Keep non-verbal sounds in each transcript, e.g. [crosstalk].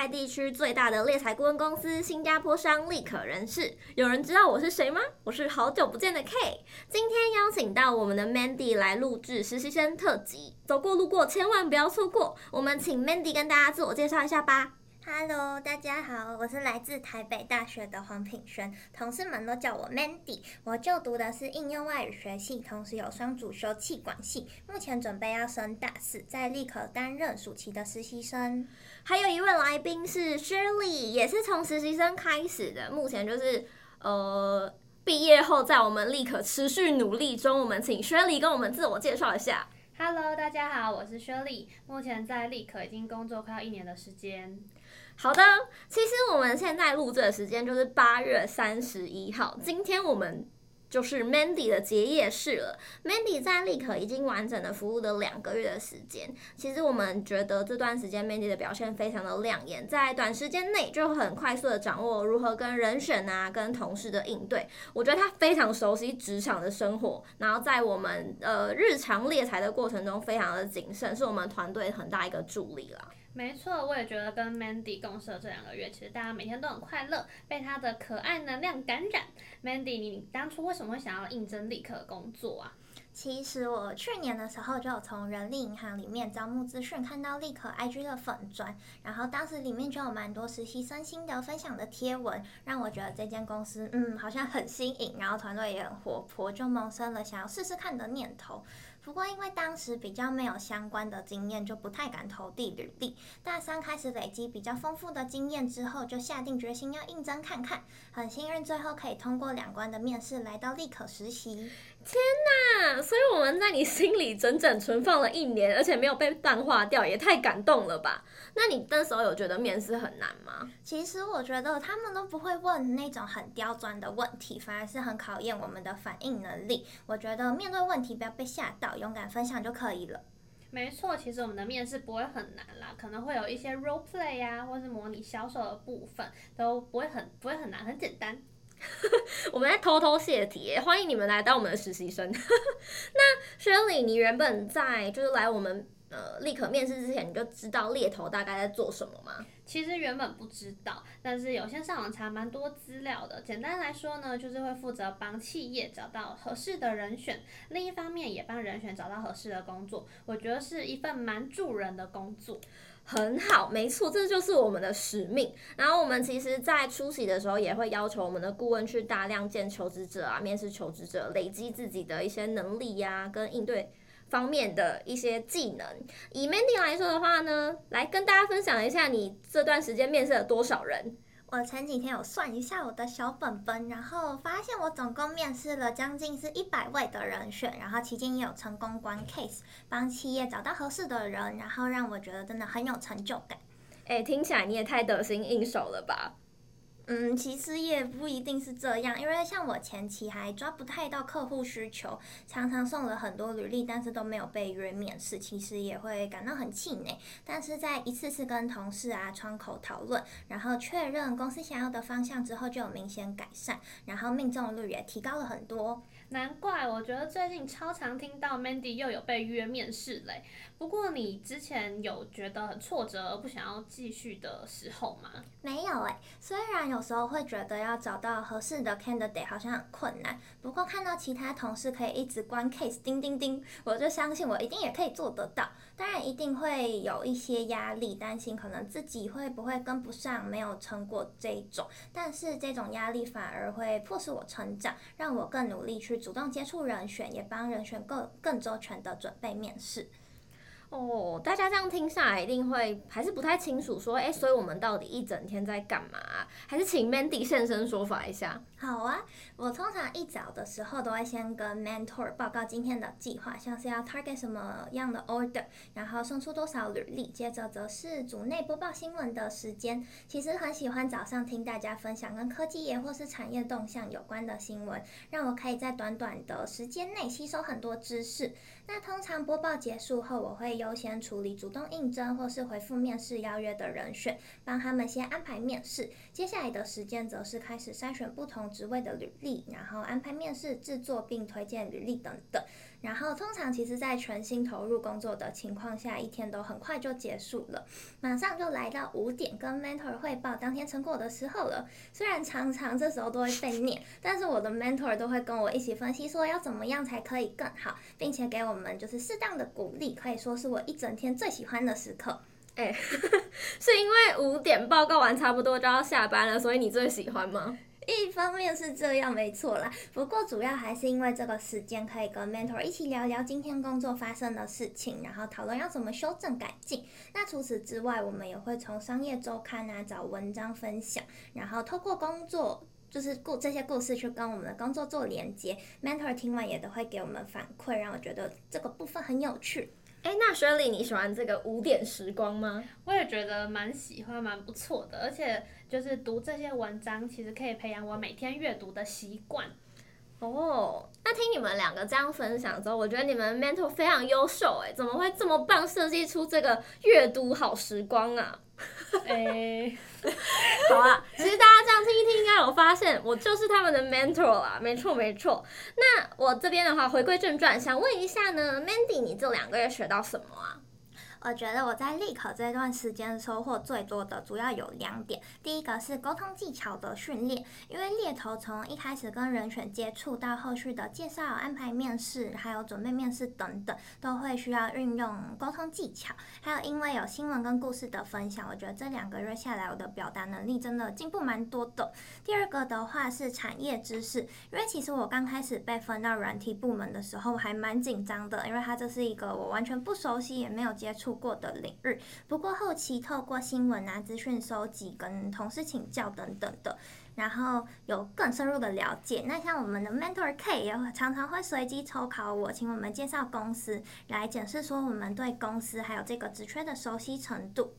在地區最大的獵才顧問公司新加坡商立可人事，有人知道我是誰嗎？我是好久不見的 Kay，今天邀請到我們的 Mandy 來錄製實習生特輯，走過路過千萬不要錯過。我們請 Mandy 跟大家自我介紹一下吧。Hello。大家好，我是來自台北大學的黃品軒，同事們都叫我 Mandy。我就讀的是應用外語學系，同時有雙主修企管系，目前準備要升大四，在立可擔任暑期的實習生。還有一位來賓是 Shirley，也是從實習生開始的，目前就是呃畢業後在我們立可持續努力中。我們請 Shirley 跟我們自我介紹一下。Hello，大家好，我是 Shirley，目前在立可已經工作快要一年的時間。好的，其實我們現在錄製的時間就是八月三十一號。今天我們就是 Mandy 的結業式了。Mandy 在立可已經完整的服務了兩個月的時間。其實我們覺得這段時間 Mandy 的表現非常的亮眼，在短時間內就很快速的掌握如何跟人選啊、跟同事的應對。我覺得他非常熟悉職場的生活，然後在我們呃日常獵才的過程中非常的謹慎，是我們團隊很大一個助力了。沒錯，我也覺得跟 Mandy 共事了這兩個月，其實大家每天都很快樂，被她的可愛能量感染。Mandy，你當初為什麼會想要應徵立可工作啊？其實我去年的時候就有從人力銀行裡面招募資訊，看到立可 IG 的粉專，然後當時裡面就有蠻多實習生心得分享的貼文，讓我覺得這間公司嗯好像很新穎，然後團隊也很活潑，就萌生了想要試試看的念頭。不過，因為當時比較沒有相關的經驗，就不太敢投遞履歷。大三開始累積比較豐富的經驗之後，就下定決心要應徵看看。很幸運，最後可以通過兩關的面試，來到立可實習。天吶！所以我們在你心裡整整存放了一年，而且沒有被淡化掉，也太感動了吧？那你那時候有覺得面試很難嗎？其實我覺得他們都不會問那種很刁鑽的問題，反而是很考驗我們的反應能力。我覺得面對問題不要被嚇到，勇敢分享就可以了。沒錯，其實我們的面試不會很難啦，可能會有一些 role play 呀、啊，或者是模擬銷售的部分，都不會很不會很難，很簡單。 [laughs] 我們在偷偷洩題，歡迎你們來當我們的實習生 [laughs] 。那 Shirley，你原本在就是來我們呃立可面試之前，你就知道獵頭大概在做什麼嗎？其實原本不知道，但是有先上網查蠻多資料的。簡單來說呢，就是會負責幫企業找到合適的人選，另一方面也幫人選找到合適的工作。我覺得是一份蠻助人的工作。很好，沒錯，這就是我們的使命。然後我們其實，在出席的時候，也會要求我們的顧問去大量見求職者啊，面試求職者，累積自己的一些能力呀、啊，跟應對方面的一些技能。以 Mandy 來說的話呢，來跟大家分享一下，你這段時間面試了多少人？我前幾天有算一下我的小本本，然後發現我總共面試了將近是一百位的人選，然後期間也有成功關 case，幫企業找到合適的人，然後讓我覺得真的很有成就感。誒、欸，聽起來你也太得心應手了吧！嗯，其實也不一定是這樣，因為像我前期還抓不太到客戶需求，常常送了很多履歷，但是都沒有被約面試，其實也會感到很氣餒。但是在一次次跟同事啊、窗口討論，然後確認公司想要的方向之後，就有明顯改善，然後命中率也提高了很多。難怪我覺得最近超常聽到 Mandy 又有被約面試嘞、欸。不過你之前有覺得很挫折而不想要繼續的時候嗎？沒有誒、欸。雖然有時候會覺得要找到合適的 candidate 好像很困難，不過看到其他同事可以一直關 case，叮叮叮，我就相信我一定也可以做得到。當然一定會有一些壓力，擔心可能自己會不會跟不上，沒有成果這一種。但是這種壓力反而會迫使我成長，讓我更努力去。主動接觸人選，也幫人選更更周全的準備面試。哦，這樣聽下來，一定會還是不太清楚。說，哎、欸，所以我們到底一整天在幹嘛啊？還是請 Mandy 現身說法一下。好啊，我通常一早的時候都會先跟 mentor 報告今天的計劃，像是要 target 什麼樣的 order，然後送出多少履歷，接着則是組內播報新聞的時間。其實很喜歡早上聽大家分享跟科技業或是產業動向有關的新聞，讓我可以在短短的時間內吸收很多知識。那通常播報結束後，我會優先處理。主動應徵或是回復面試邀約的人選，幫他們先安排面試。接下來的時間則是開始篩選不同職位的履歷，然後安排面試、製作並推薦履歷等等。然後通常其實，在全心投入工作的情況下，一天都很快就結束了，馬上就來到五點跟 mentor 匯報當天成果的時候了。雖然常常這時候都會被念，但是我的 mentor 都會跟我一起分析說要怎麼樣才可以更好，並且給我們就是適當的鼓勵，可以說是我一整天最喜歡的時刻。哎、欸， [laughs] 是因為五點報告完差不多就要下班了，所以你最喜歡嗎？一方面是這樣，沒錯啦。不過主要還是因為這個時間可以跟 mentor 一起聊聊今天工作發生的事情，然後討論要怎麼修正改進。那除此之外，我們也會從商業周刊啊找文章分享，然後透過工作就是故這些故事去跟我們的工作做連接。mentor 聽完也都會給我們反饋，讓我覺得這個部分很有趣。哎，那 Shirley，你喜歡這個五點時光嗎？我也覺得蠻喜歡，蠻不錯的。而且，就是讀這些文章，其實可以培養我每天閱讀的習慣。哦，oh, 那聽你們兩個這樣分享之後，我覺得你們 mentor 非常優秀哎、欸，怎麼會這麼棒，設計出這個閱讀好時光啊？哎、 [laughs] 欸，好啊！其實大家這樣聽一聽，應該有發現， [laughs] 我就是他們的 mentor 啦，沒錯沒錯。那我這邊的話，回歸正傳，想問一下呢，Mandy，你這兩個月學到什麼啊？我覺得我在立可這段時間收穫最多的主要有兩點，第一個是溝通技巧的訓練，因為獵頭從一開始跟人選接觸到後續的介紹、安排面試，還有準備面試等等，都會需要運用溝通技巧。還有因為有新聞跟故事的分享，我覺得這兩個月下來我的表達能力真的進步蠻多的。第二個的話是產業知識，因為其實我剛開始被分到軟體部門的時候還蠻緊張的，因為它這是一個我完全不熟悉也沒有接觸過的領域，不過後期透過新聞啊、資訊收集、跟同事請教等等的，然後有更深入的了解。那像我們的 mentor K 也常常會隨機抽考我，請我們介紹公司來解釋，說我們對公司還有這個職缺的熟悉程度。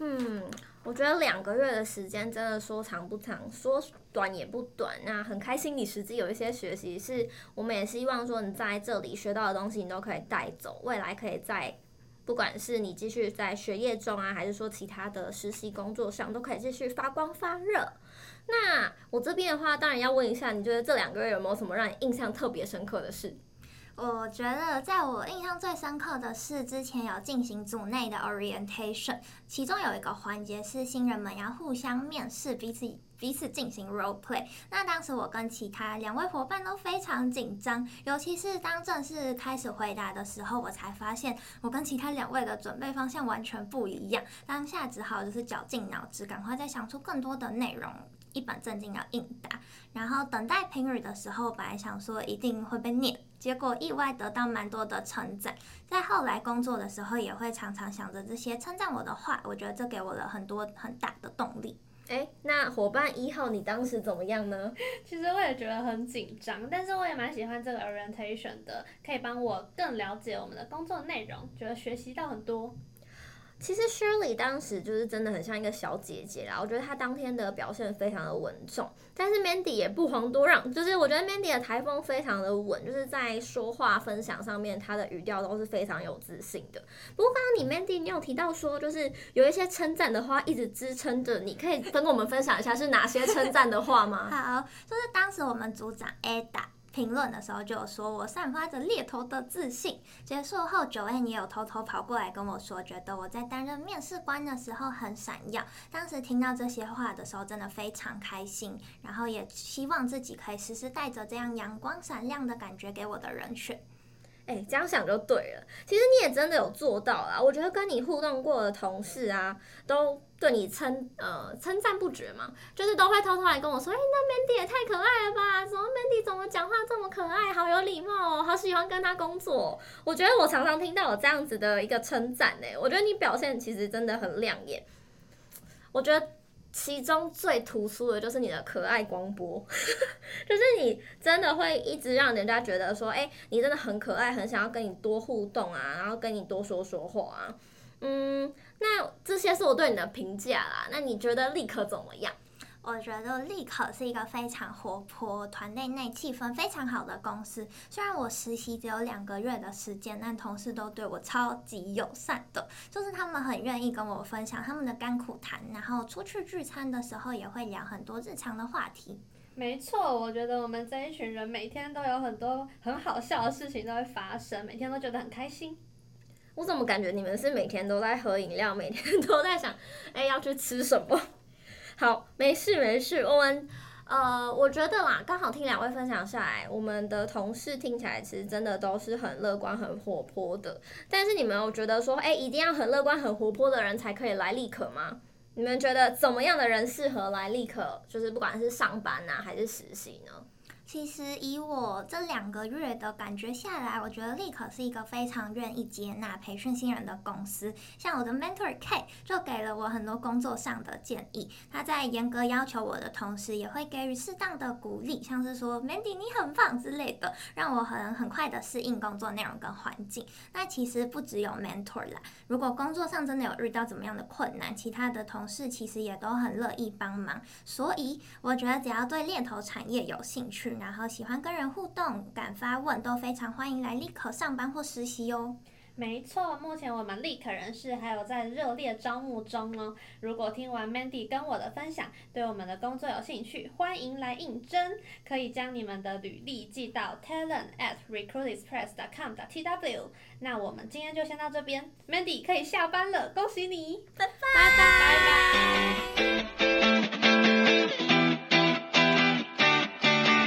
嗯，我覺得兩個月的時間真的說長不長，說短也不短。那很開心你實際有一些學習是，是我們也希望說你在這裡學到的東西你都可以帶走，未來可以在。不管是你繼續在學業中啊，還是說其他的實習工作上，都可以繼續發光發熱。那我這邊的話，當然要問一下，你覺得這兩個月有沒有什麼讓你印象特別深刻的事？我覺得在我印象最深刻的是之前有進行組內的 orientation，其中有一個環節是新人們要互相面試，彼此彼此進行 role play。那當時我跟其他兩位伙伴都非常緊張，尤其是當正式開始回答的時候，我才發現我跟其他兩位的準備方向完全不一樣。當下只好就是絞盡腦汁，趕快再想出更多的內容，一本正經要應答。然後等待評語的時候，本來想說一定會被念。結果意外得到蠻多的稱讚，在後來工作的時候也會常常想着這些稱讚我的話，我覺得這給我了很多很大的動力。哎，那夥伴一號，你當時怎麼樣呢？其實我也覺得很緊張，但是我也蠻喜歡這個 orientation 的，可以幫我更了解我們的工作內容，覺得學習到很多。其實 Shirley 當時就是真的很像一個小姐姐啦，我覺得她當天的表現非常的穩重，但是 Mandy 也不遑多讓，就是我覺得 Mandy 的台風非常的穩，就是在說話分享上面，她的語調都是非常有自信的。不過剛剛你 Mandy 你有提到說，就是有一些稱讚的話一直支撐着你，可以跟我們分享一下是哪些稱讚的話嗎？ [laughs] 好，就是當時我們組長 Ada。評論的時候就有說我散發着獵頭的自信，結束後 Joanne 也有偷偷跑過來跟我說，覺得我在擔任面試官的時候很閃耀。當時聽到這些話的時候，真的非常開心，然後也希望自己可以時時帶着這樣陽光閃亮的感覺給我的人選。哎、欸，這樣想就對了。其實你也真的有做到啦，我覺得跟你互動過的同事啊，都對你稱呃稱讚不絕嘛，就是都會偷偷來跟我說，哎、欸，那 Mandy 也太可愛了吧？什麼怎麼 Mandy 怎麼講話這麼可愛，好有禮貌哦，好喜歡跟他工作、哦。我覺得我常常聽到有這樣子的一個稱讚呢，我覺得你表現其實真的很亮眼。我覺得。其中最突出的就是你的可愛光波， [laughs] 就是你真的會一直讓人家覺得說，哎、欸，你真的很可愛，很想要跟你多互動啊，然後跟你多說說話啊。嗯，那這些是我對你的評價啦，那你覺得立可怎麼樣？我覺得立可是一個非常活潑、團隊內氣氛非常好的公司。雖然我實習只有兩個月的時間，但同事都對我超級友善的，就是他們很願意跟我分享他們的甘苦談，然後出去聚餐的時候也會聊很多日常的話題。沒錯，我覺得我們這一群人每天都有很多很好笑的事情都會發生，每天都覺得很開心。我怎麼感覺你們是每天都在喝飲料，每天都在想，哎，要去吃什麼？好，沒事沒事，我們呃，我覺得啦，剛好聽兩位分享下來，我們的同事聽起來其實真的都是很樂觀、很活潑的。但是你們有覺得說，哎、欸，一定要很樂觀、很活潑的人才可以來立可嗎？你們覺得怎麼樣的人適合來立可？就是不管是上班吶、啊，還是實習呢？其實以我這兩個月的感覺下來，我覺得立可是一個非常願意接納培訓新人的公司。像我的 mentor Kay 就給了我很多工作上的建議。他在嚴格要求我的同時，也會給予適當的鼓勵，像是說 Mandy 你很棒之類的，讓我很很快的適應工作內容跟環境。那其實不只有 mentor 啦，如果工作上真的有遇到怎麼樣的困難，其他的同事其實也都很樂意幫忙。所以我覺得只要對獵頭產業有興趣，然後喜歡跟人互動、敢發問，都非常歡迎來立可上班或實習哦。沒錯，目前我們立可人事還有在熱烈招募中哦。如果聽完 Mandy 跟我的分享，對我們的工作有興趣，歡迎來應徵，可以將你們的履歷寄到 talent at recruitexpress.com.tw。那我們今天就先到這邊，Mandy 可以下班了，恭喜你，拜拜，拜拜。Bye bye